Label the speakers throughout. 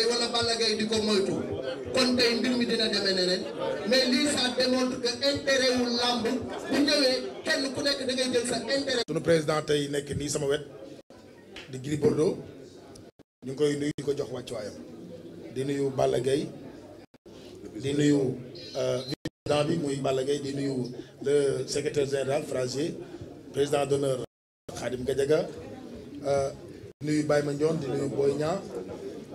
Speaker 1: Gueye wala Balla Gaye di moytu kon tay mbir mi dina demee neneen mais li ça démontre que intérêt wu làmb bu ñëwee kenn ku nekk da ngay jël sa intérêt. sunu président tay nekk ni sama wet di Gris Bordeaux ñu koy nuyu di ko jox wàccuwaayam di nuyu Balla Gaye di nuyu euh président bi muy Balla Gaye di nuyu le secrétaire général Fragier président d'honneur Khadim gadjaga euh nuyu Baye Mandione di nuyu Boy Niang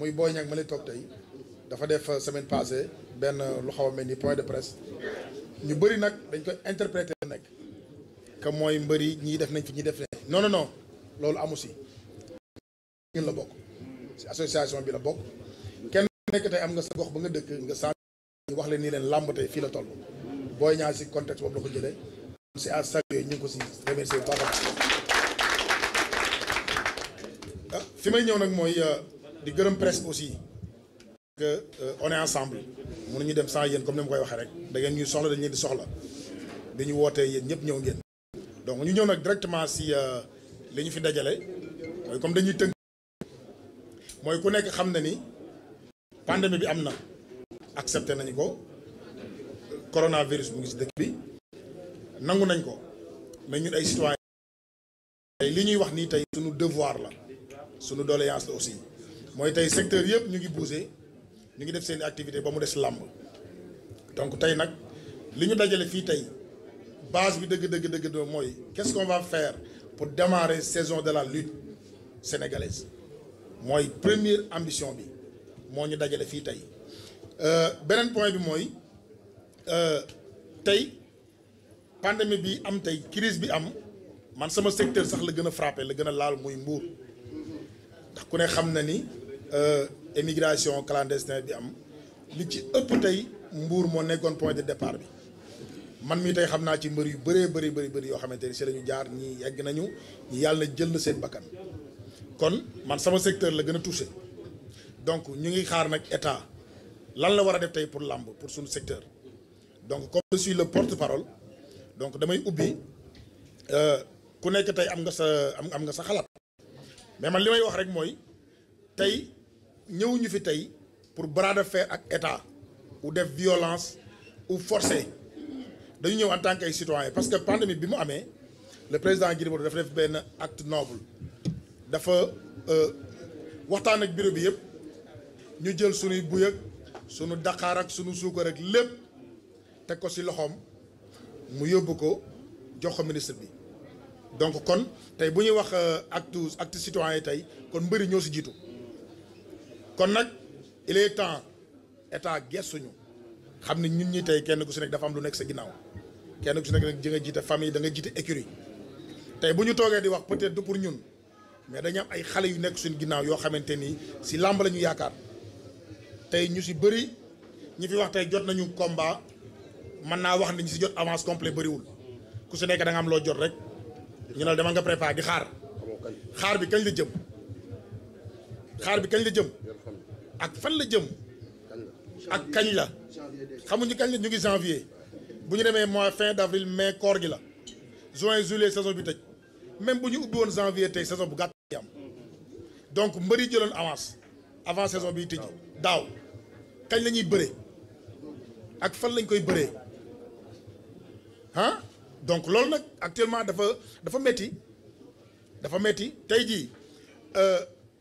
Speaker 1: muy Boy Niang ma lay toog tey dafa def euh, semaine passée benn euh, lu xaw mel ni point de presse ñu bëri nag dañ ko interpréter nag que mooy mbëri ñii def nañ fi ñi def nañ non non non loolu amu si ñun la bokk si association bi la bokk kenn nekk tey am nga sa gox ba nga dëkk nga sant ñu wax leen nii leen làmb fii la toll Boy Niang si contexte boobu la ko si à sa ñu ngi ko si remercier bu baax ah, fi may ñëw nag mooy euh, di gërëm presse aussi que euh, on est ensemble ñu dem sans yéen comme nimo koy waxe rek da ngeen ñuy soxla dañ leen di soxla dañu woté wootee yéen ñew ñëw ngeen donc ñu ñew nak directement si euh, li ñu fi dajalé moy comme dañuy teunk moy ku nekk xam na ni pandémie bi am na accepté nañu ko coronavirus mu ngi ci dëkk bi nangu nañ ko mais ñun ay citoyens li ñuy wax ni tey suñu devoir la suñu doléance la aussi moy tay secteur yëpp ñu ngi bougé ñu ngi def seen activité ba mu des lamb donc tay nak li ñu dajale fii tey base bi deug deug deug do moy qu'est-ce qu'on va faire pour démarrer saison de la lutte sénégalaise moy première ambition bi moo ñu fi tay euh benen point bi euh tay pandémie bi am tay crise bi am man sama secteur sax la gëna frapper la gëna laal muy mbuur ndax ku ne xam na ni euh, émigration clandestine bi am li ci ëpp tay Mbour mo nekkoon point de départ bi man mi tay xamna ci mbeur yu bëree bëri bëri bëri yo xamanteni ni lañu jaar ñi yegg nañu yalla jël na seen bakkan kon man sama secteur la gëna a touché donc ñu ngi xaar nak état lan la wara def tay pour lamb pour sun secteur donc comme je suis le porte-parole donc damay ubbi euh, ku nekk tay am nga sa am nga sa xalat mais man limay wax rek moy tay ñëw ñu fi tay pour bras de fer ak état ou def violence ou forcer dañu ñëw en tant que ay citoyen parce que pandémie bi mu amé le président Guy Bordeaux dafa def benn acte noble dafa euh, waxtaan ak bureau bi yépp ñu jël suñu buuy ak suñu daqaar ak suñu suukar ak lépp teg ko ci loxom mu yóbbu ko jox ko ministre bi donc kon tay bu ñuy wax euh, acte acte citoyen tay kon mbeuri ñoo ci jitu kon nak il est temps état gestuñu ñu xamni ñun ñi tay kenn ku ci nek dafa am lu nek sa ginnaaw kenn ku ci nek nag da nga famille da nga jité écurie tay buñu ñu di wax peut-être du pour ñun mais dañu am ay xalé yu nek suñu ginnaaw yo xamanteni si làmb la ñu yaakaar ñu ci bëri ñi fi wax tay jot nañu combat man na wax ni ci jot avance complet wul ku ci nek da nga am lo jot rek ñu ne dama nga préparé di xaar xaar bi kañ la jëm xaar bi kañ la jëm. ak fan la jëm ak kañ la ñu kañ la ñu ngi janvier bu ñu démé mois fin d'avril, mai koor gi la juin juillet saison bi tej même bu ñu ubbi woon janvier tey saison bu gàtt donc mbeuri jëloon avance avant saison bi tej daw kañ lañuy bëré ak fan lañ koy bëré ah hein? donc lool nak actuellement dafa dafa metti dafa metti ji euh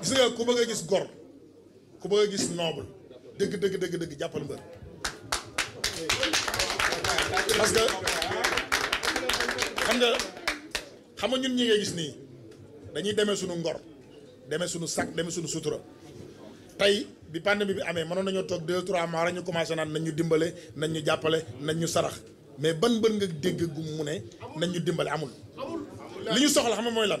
Speaker 1: gis nga ku bëgg a gis gor ku bëgg gis noble dëgg dëgg dëgg dëgg jàppal mbër parce que xam nga xam nga ñun ñi ngay gis nii dañuy demee suñu ngor demee sunu sac demee suñu sutura tey bi pandémie bi amee mënoon nañoo toog deux trois mois rek ñu commencé naan nañ ñu dimbale nañ ñu jàppale nañ ñu sarax mais ban bën nga dégg gu mu ne nañ ñu dimbale amul li ñu soxla xam nga mooy lan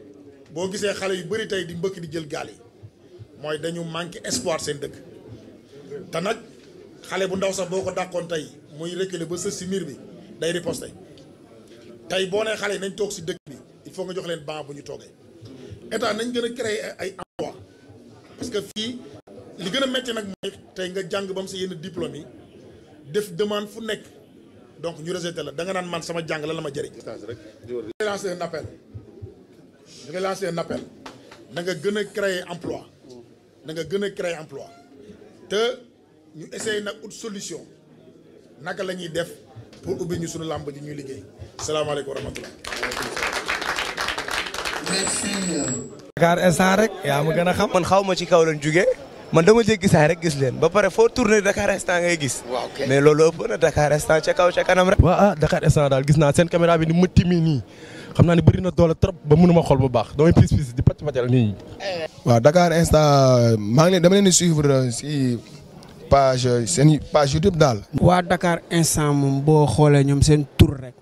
Speaker 1: boo gisee xale yu bëri tey di mbëkk di jël gaal yi mooy dañu manqué espoir seen dëkk te nag xale bu ndaw sax boo ko dàqoon tey muy reculer ba sës si miir bi day riposte tey boo nee xale yi nañ toog si dëkk bi il faut nga jox leen banc bu ñu toogee état nañ gën a créer ay emploi parce que fii li gën a métti nag mooy tey nga jàng ba mu sa yenn diplôme yi def demande fu nekk donc ñu rejeté la da nga naan man sama jàng lan la ma jëriñ. lancer un appel. je vais un appel na nga gën créer emploi na nga gën créer emploi te ñu essayer nag autre solution naka la ñuy def pour ubbi ñu suñu làmb ji ñuy liggéey salaamaaleykum wa rahmatullah merci Dakar instant ya yaa ma gën a xam man xaw ma ci kaw lañ jugee man dama jéggi saay rek gis leen ba pare foo tourné Dakar instant ngay gis mais loolu ëpp na Dakar instant ca kaw ca kanam rek waa ah, Dakar instant daal gis naa seen caméra bi ni mëtti mi nii xam naa ne bëri na doole trop ba mënuma xol bu baax damay pis pis di pàcc pàccal nit ñi. waaw Dakar instant maa ngi leen dama leen di suivre si page seen page YouTube daal. waa Dakar instant moom boo xoolee ñoom seen tur rek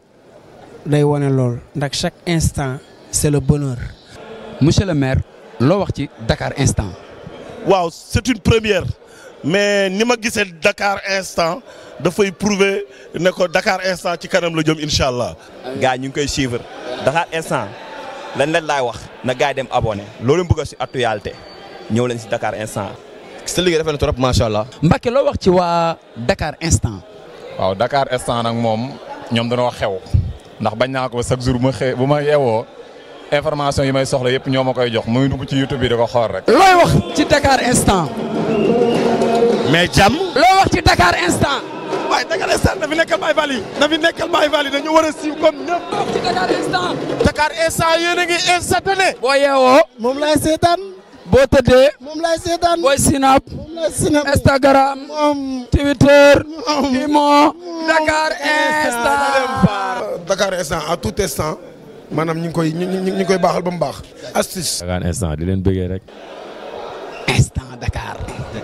Speaker 1: day wane lool ndax chaque instant c'est le bonheur. monsieur le maire loo wax ci Dakar instant. waaw c'est une première. mais ni ma gisee Dakar instant dafay prouver ne ko Dakar instant ci kanam la jëm incha allah. gaa ñu ngi koy suivre. Dakar instant lan leen laay wax na gars yi dem abonné loolu bëgg si actualité ñëw leen si Dakar instant. sa liggéey rafet na trop macha allah. Mbacke loo wax ci waa Dakar instant. waaw Dakar instant nag moom ñoom dañoo xew ndax bañ naa ko chaque jour bu ma xee bu ma yeewoo information yi may soxla yëpp ñoo ma koy jox muy dugg ci YouTube bi da ko xool rek. looy wax ci Dakar instant. mais jàmm. loo wax ci Dakar instant. waay Dakar instant a siiw comme ñëpp toog ci Dakar instant Dakar instant yéen a ngi instantané boo yeewoo moom laay seetaan boo tëddee moom laay seetaan booy sinap Twitter Dakar instant Dakar à tout instant maanaam ñu ngi koy koy baaxal ba mu baax astuce Dakar instant di leen bëggee rek